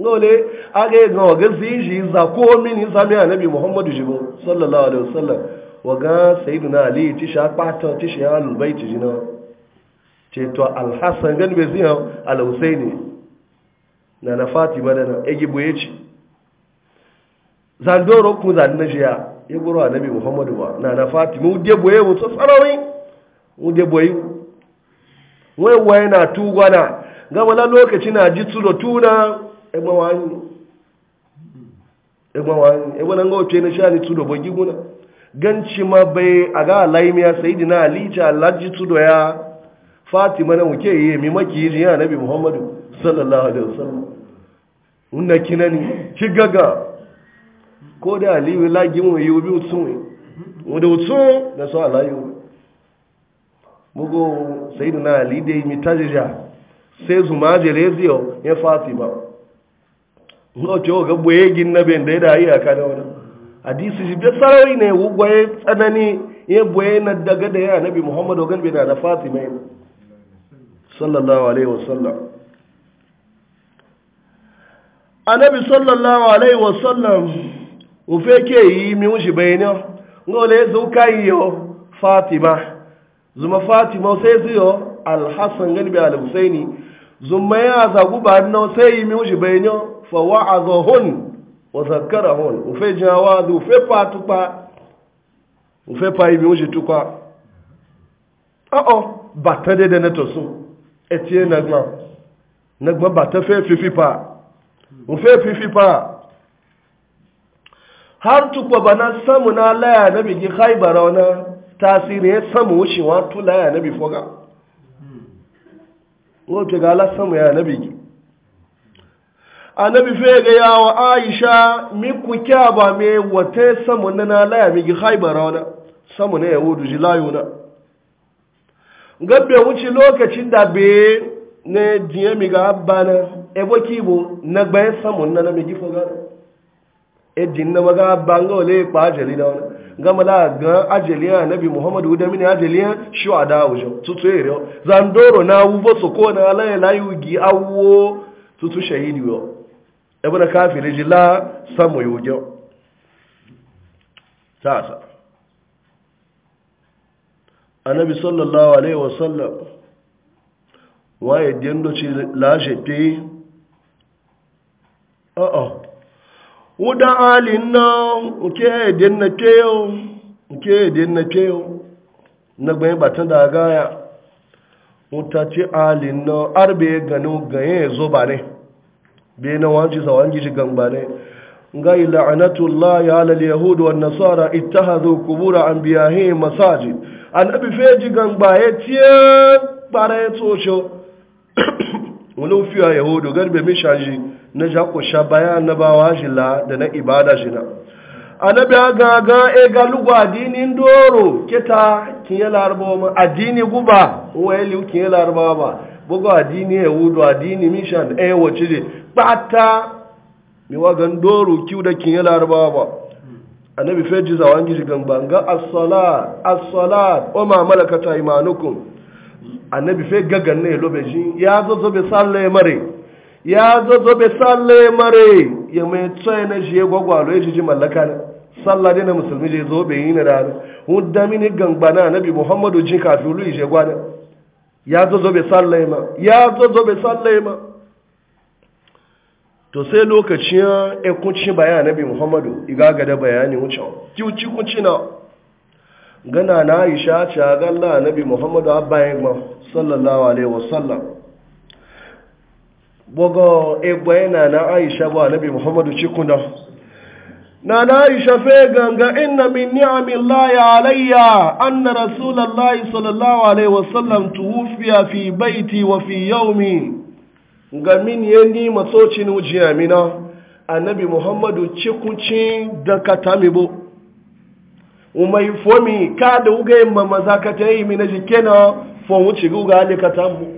ngole aga ga waga zinji za ko mini za mi muhammadu jibo sallallahu alaihi wasallam waga sayyiduna ali ti sha pata ti sha alul bait jina ce to al hasan gan be zin al husaini na na fatima da na egi boyeci zandoro ku zan na jiya ya goro annabi muhammadu wa na na fatima ude boye mu to sarawi ude boye wai wai na tugwana gama na lokaci na ji tulo tuna egbe wanyi egbe na nga oce na shani tudo bo giguna ganci ma bai a ga alaimiya sayidina na alija alaji tudo ya fatima na muke yi mi maki yi ya nabi muhammadu sallallahu alaihi wasallam unna kinani ki gaga ko da aliyu lagi mu yi obi utsun mu da utsun da so alayu mugo sayidina na dai mi tajija sai zuma jelezio ya fatima no to ga boye gin na ben da ya da iyaka da wani hadisi shi bai sarari ne wugwaye tsanani ya boye na daga da ya nabi muhammadu gan bai na fatima sallallahu alaihi wasallam annabi sallallahu alaihi wasallam ufe ke yi mi wuce bayani ngole zuka yiyo fatima zuma fatima sai zuyo alhassan gani bai alhussaini zumma ya zagu ba nan sai yi miuji bayanin fa wa'aza hun wa zakara hun ufe jawa da ufe pa tukpa ufe pa yi miuji tukpa o'o ba ta daidai na tosu etiye nagba nagba ba ta fe fifi pa ufe fifi pa har tukwa bana samu na laya na bigi haibara wani tasirin ya samu wucewa tu laya na bifoga wato ga lasamu ya nabi nabi fe ga yawa aisha mi ku kya ba me wata samu na na laya mi gi haibara wana samu na ya wudu jilayo na gabbe wuce lokacin da be ne jiye mi ga abba na ebo kibo na gbaye samu na na mi gi foga e jin na maga abba ga ole pa jeli da wani. gama la ga ajeliya nabi muhammadu da mini ajeliya shi wa da wujo tutu ere zandoro na wubo so ko na la la yugi awo tutu shahidi yo ibn kafir jila samu yujo sasa annabi sallallahu alaihi wasallam waye dendo ci la jete oh oh wuda alin nan nke edin na keo nke edin na keo na gbayin batun da gaya wuta ce alin nan arbe ganin ganyen ya zo ba ne bai na wanci sa wanci shi gan ba ne ga la ya halal yahudu wa nasara ita kubura an biya anbiyahi masajid annabi feji gan ba ya tiye ya tsocho [coughs] wani fiya yahudu garbe mishaji na jakosha bayan annabawa jila da na ibada jina annabi aga ga e ga lugu adini ndoro keta kinye larabawa ma adini guba wai liu kinye larabawa ba bugu adini yahudu adini mission e wace je pata mi wa gan ndoro kiu da kinye larabawa ba annabi feji zawan gan gamba ga as-salat as-salat o ma malakata imanukum annabi fe gagan ne lobe ya zo zo be sallay mare ya zozo bai salle mare ya mai tsaye na shi ya gwagwalo ya shi mallaka na sallah ne na musulmi ya zo bai yi na rana hun gangba gangbana nabi muhammadu jin kafin lu ishe gwada ya zozo bai salle ma ya zozo bai salle ma to sai lokacin ya kunci bayan nabi muhammadu igaga da bayani wucin kyuci kunci na gana na aisha ce a galla nabi muhammadu abba ma sallallahu alaihi wasallam bogo egbo ina na aisha ba nabi muhammadu cikuna na na aisha fe ganga inna min ni'amillahi alayya anna rasulullahi sallallahu alaihi wasallam tuwfiya fi baiti wa fi yawmi ga min yeni masocin ujiya amina annabi muhammadu cikuci da katamibo umai fomi kada uga yamma mazaka ta yi mina jikena fo wuce guga alikatambu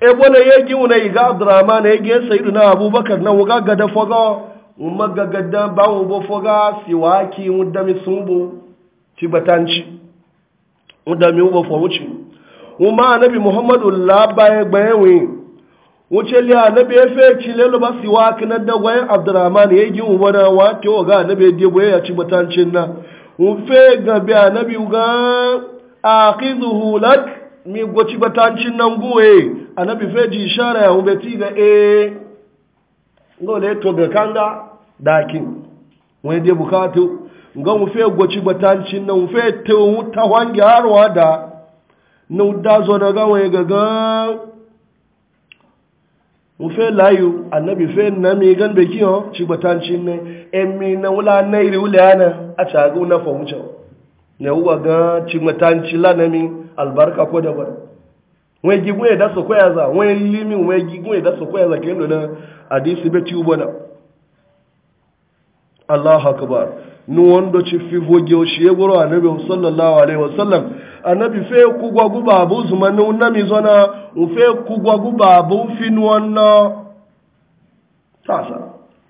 ebole yegi una iga abdurrahman yegi sayyidu na abubakar na wuga gada foga umma gagada ba wo bo foga siwaki mudami sumbu tibatanci mi wo fo wuci umma anabi muhammadu la baye gbayewi wuce liya anabi ya fe kile lo ba waki na da gwayen abdurrahman yegi ubana wa ke anabi annabi de boye ya tibatancin na umfe gabe anabi wuga aqiduhu lak mi gwaci batancin nan guwe a na bife ji shara ya hubeti ga e ngole to ga kanga dakin wani dai bukatu nga mufe gwaci batancin nan mufe tewu ta wangi harwa da na da zo na ga wani gaga mufe layu annabi fe na mi gan be kiyo ci batancin nan emmi na wula nairi iri wula ana a cagu na fahimta ne uwa ga ci matanci lanami albarka ko da bar wai gigun ya da su koya za wai limin wai gigun ya da su koya za ke yin na hadisi bai ciwo bana Allah akbar nu wando ci fi voge shi ya goro annabi sallallahu alaihi wasallam annabi fe ku gwagu guba abu zuma nu na mi zona u fe ku gwagu guba abu fi nu wanna sasa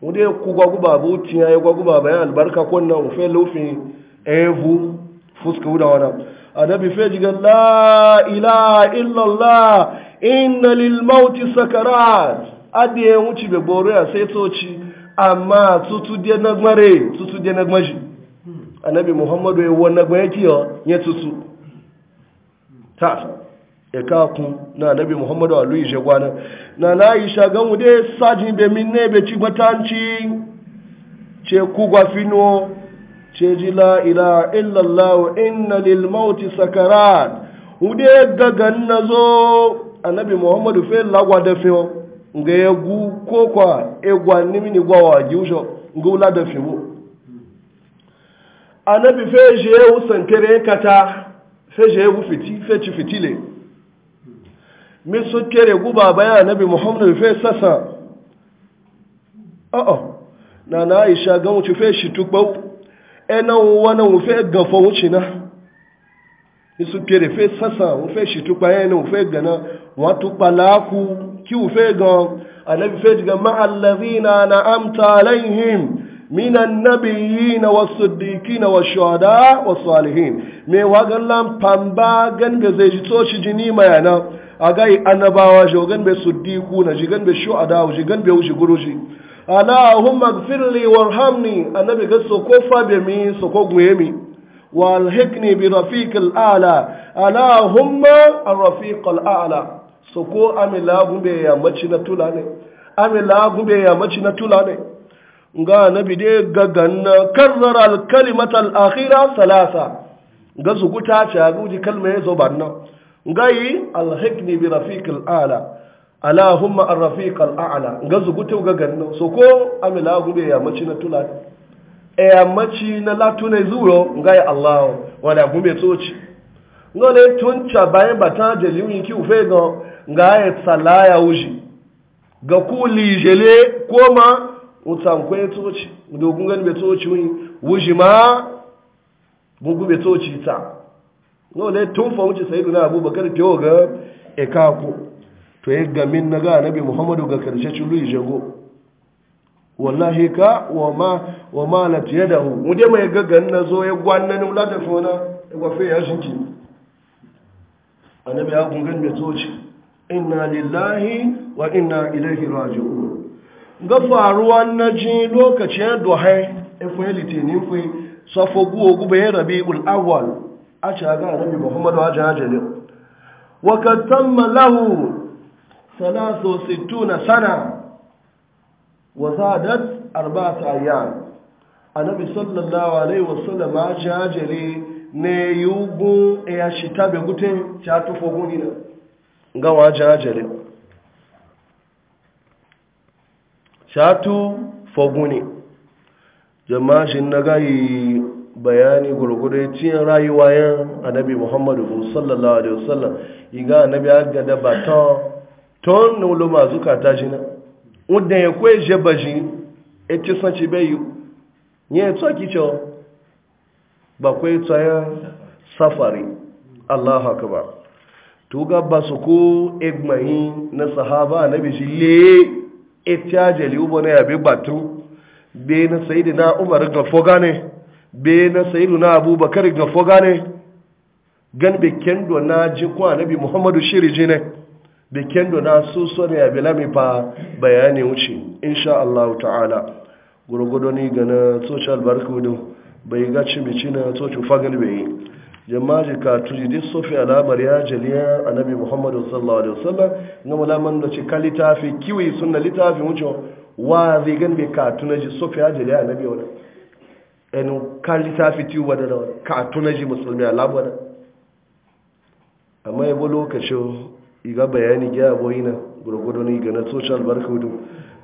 mu ku gwagu guba abu tiya ya gwa guba bayan albarka ko na u fe lufi evu fuska wuda wannan annabi fe diga la ilaha illallah inna lil mauti sakarat adiye wuci be boro ya sai toci amma tutu de na gbare tutu de na gbaji annabi muhammadu ya e wannan gbaye kiyo ya tutu ta ya e ku na annabi muhammadu alu luyi shagwana na na yi shagan de sajin be min ne be ci gbatanci ce ku gwafino ceji la ilaha illallah inna lil mauti sakarat hude ganna zo. annabi muhammadu fe lagwa da fe nga gu ko kwa egwa nimi ni gwa waji usho nga ula da fe mu annabi fe je u sankere kata fe je u fiti fe ci fitile mi so kere gu baba ya annabi muhammadu fe sasa oh, oh. na na aisha gan mu ci fe shi tukbau ẹna wọn wọn fẹ gan fọ wọn ṣìnà yesu kéde fẹ sẹsàn wọn fẹ ṣètò payẹ ẹna wọn fẹ gan na wọn tó kpalaku kí wọn fẹ gan anabi fẹ gan ma alabi na na am ta mina nabi yi na wasu sadiki na wasu shuada wasu salihin mai wa galan panba gan bai zai ji tsoci jini mai na a gai annabawa shi wa gan bai sadiku na shi gan bai shuada wa shi gan bai wuce guru Allahumma gfirli warhamni annabi ga soko fabe mi soko guye mi hikni bi al ala Allahumma ar al ala soko amila gumbe ya maci na tula ne amila gumbe ya maci na tula ne ga annabi dai gaganna karrara al-kalimat al-akhira salasa ga su guta ta guji kalma ya zo banna ngai hikni bi al ala Allahumma ar-rafiq al-a'la ga zugutu ga ganno so ko amila gube ya maci na tula e ya maci na latune zuro nga ya Allah wala gube tsoci ngole tuncha bayan bata jeliwi ki ufe ga ga ya salaya uji ga kuli jele koma utankwe tsoci dogun gani be tsoci wi uji ma gube tsoci ta ngole tun fa wuce sayyiduna abubakar tiyo ga ekaku to yi gamin na ga annabi muhammadu ga karshe cin luyi jago wallahi ka wa ma na tiye da hu mu mai gaggan na zo ya gwanna ni lada fona ya gwafe ya shinki annabi ya gungan mai toci inna lillahi wa inna ilahi raju ga faruwa na ji lokacin dohai ifu ya ni fi safo guwa gube ya rabi ul'awwal a ci a ga annabi muhammadu a hajjalin wa ka tamma lahu salasu sittuna sana wa zadat arba'ata ayyam annabi sallallahu alaihi wasallam a jajere ne yugun ya shita be guten ta tufo guni na wa bayani gurgurai cin rayuwa yan annabi muhammadu sallallahu alaihi wasallam iga annabi agada baton ton na ulo ma zuka ta shi na udan ya kwe je ba shi e ti san ci bayu e ki cho ba kwe tsaya safari allahu akbar to ga ba su ko egmai na sahaba na bi shi le e tiaje li ubo na ya bi batu be na umar umar ga fogane be na na abubakar ga fogane gan be kendo na ji kwa nabi muhammadu shiri ne bikin na su sone ya bilami fa bayani wuce insha Allah ta'ala gurgudu ni gana social barkudu bai ga cimici na tsoci fagal bai jama'a ka tuji dis sofi alamar ya jaliya nabi muhammadu sallallahu alaihi wasallam na mulaman da ce ka littafi kiwi suna littafin wuce wa zai gan bai ka tunaji sofi ya jaliya nabi wani ɗan littafi tiyo wadda da ka tunaji musulmi alamu wani amma yabo lokacin iga bayani gya boyi na gurgudu ne ga na tsoci albarka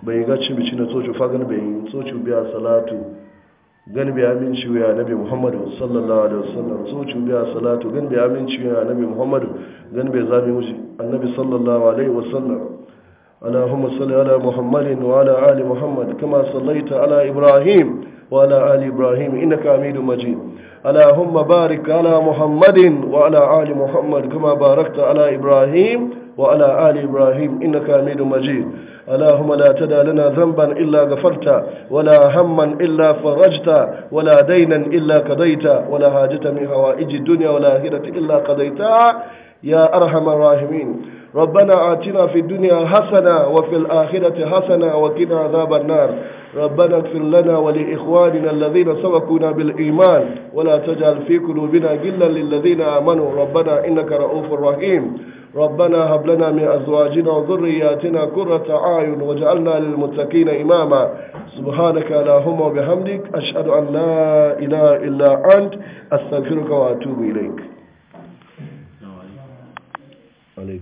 bai ga cin bici na tsoci fagan bai yi tsoci biya salatu gan biya aminci wa nabi muhammadu sallallahu alaihi wasallam tsoci biya salatu gan biya aminci wa nabi muhammadu gan bai zami wuce annabi sallallahu alaihi wasallam اللهم صل على محمد Ali Muhammad kama Sallaita صليت على إبراهيم وعلى آل إبراهيم إنك حميد مجيد اللهم بارك على محمد وعلى آل محمد كما باركت على إبراهيم وعلى آل إبراهيم إنك حميد مجيد اللهم لا تدع لنا ذنبا إلا غفرت ولا هما إلا فرجت ولا دينا إلا قضيت ولا حاجة من حوائج الدنيا ولا آخرة إلا قضيتها يا أرحم الراحمين ربنا آتنا في الدنيا حسنة وفي الآخرة حسنة وقنا عذاب النار ربنا اغفر لنا ولإخواننا الذين سبقونا بالإيمان ولا تجعل في قلوبنا غلا للذين آمنوا ربنا إنك رؤوف رحيم ربنا هب لنا من أزواجنا وذرياتنا قرة أعين واجعلنا للمتقين إماما سبحانك اللهم وبحمدك أشهد أن لا إله إلا أنت أستغفرك وأتوب إليك